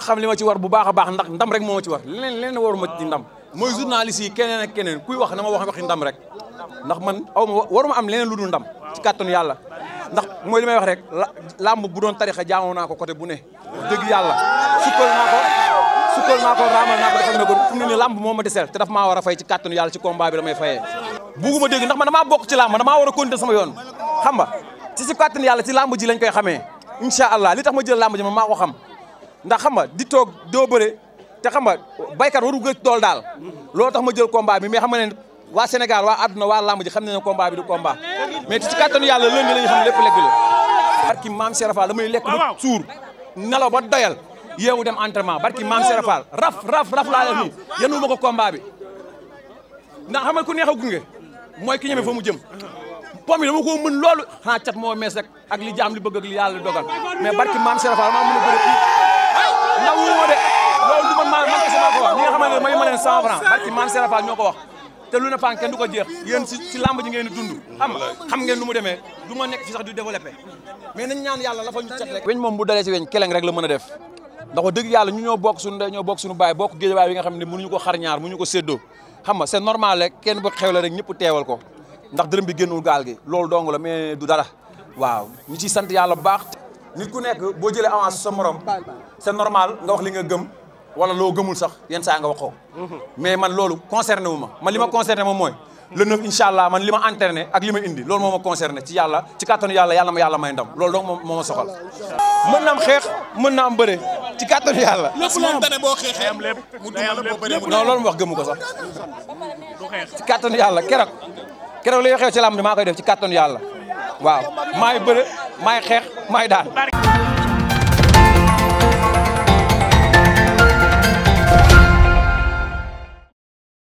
xam li ma ci war bu baax a baax ndax ndam rek moo ci war leneen leneen waru ma ci ndam mooy journaliste yi keneen ak keneen kuy wax na ma wax waxi ndam rek ndax man aw ma waruma am leneen lu dul ndam ci kàttanu yàlla ndax mooy li may wax rek làmb bu doon tarixa jaamoo naa ko côté bu ne dëgg yàlla sukkal naa ko sukkal naa ko raamal naa ma war a fay ci kàttanu yàlla ci combat bi damay fayee bugguma dégg ndax man damaa bokk ci làmb damaa war a continuer sama yoon xam nga ci si kàttanu yàlla ci làmb ji lañ koy xamee incha allah li tax ma jël làmb ji maa ko xam ndax xam nga di toog doo bëre te xam nga baykat waru gëj dool daal loolu tax ma jël combat bi mais xama nga ne waa Sénégal waa àdduna waa làmb ji xam ne ne combat bi du combat mais ci kattanu yàlla lënd la ñu xam lépp lekk la barki maam Serafal damay lekk ba suur nelaw ba doyal yeewu dem entraînement barki maam Serafal raf raf raf laa def nii yenu ma ko combat bi ndax xam nga ku neex a gunge mooy ki ñeme fa mu jëm pom yi dama ko mën loolu xanaa cat moo mees ak li jaam li li yàlla dogal mais barki a ndaw woo de loolu du man maa man kese maa ko wax ñi nga xamante ne may ma leen 100 francs barki maam Serap Fall ñoo ko wax te lu ne paan kenn du ko jeex yéen si si lamb ji ngeen di dund xam xam ngeen nu mu demee du ma nekk fi sax du développé mais nañ ñaan yàlla la fa ñu cet rek weñ moom bu dalee si weñ keleng rek la mën a def ndax wax dëgg yàlla ñu ñoo bokk suñu ndey ñoo bokk suñu baay bokk géej waay bi nga xam ne mënuñu ko xar mënuñu ko séddoo xam nga c'est normal rek kenn bu xew la rek ñëpp teewal ko ndax dërëm bi génnul gaal gi loolu dong la mais du dara waaw ñu ciy sant yàlla bu baax nit ku nekk boo jëlee avance sa morom c'est normal nga wax li nga gëm wala loo gëmul sax yenn saa nga waxoo mais man loolu concerné wu ma man li ma concerné moom mooy le neuf incha man li ma entraîné ak li ma indi loolu moo ma concerné ci yàlla ci kàttanu yàlla yàlla ma may ndam loolu donc moo ma soxal mën na xeex mën na am bëre ci kàttanu yàlla moom dane boo xeexee am lépp mu duma la boo bëree non loolu mu wax gëmu ko sax ci kàttanu yàlla keroog keroog li xew ci làmb maa koy def ci kàttanu yàlla waaw maay bëre maay xeex maay daan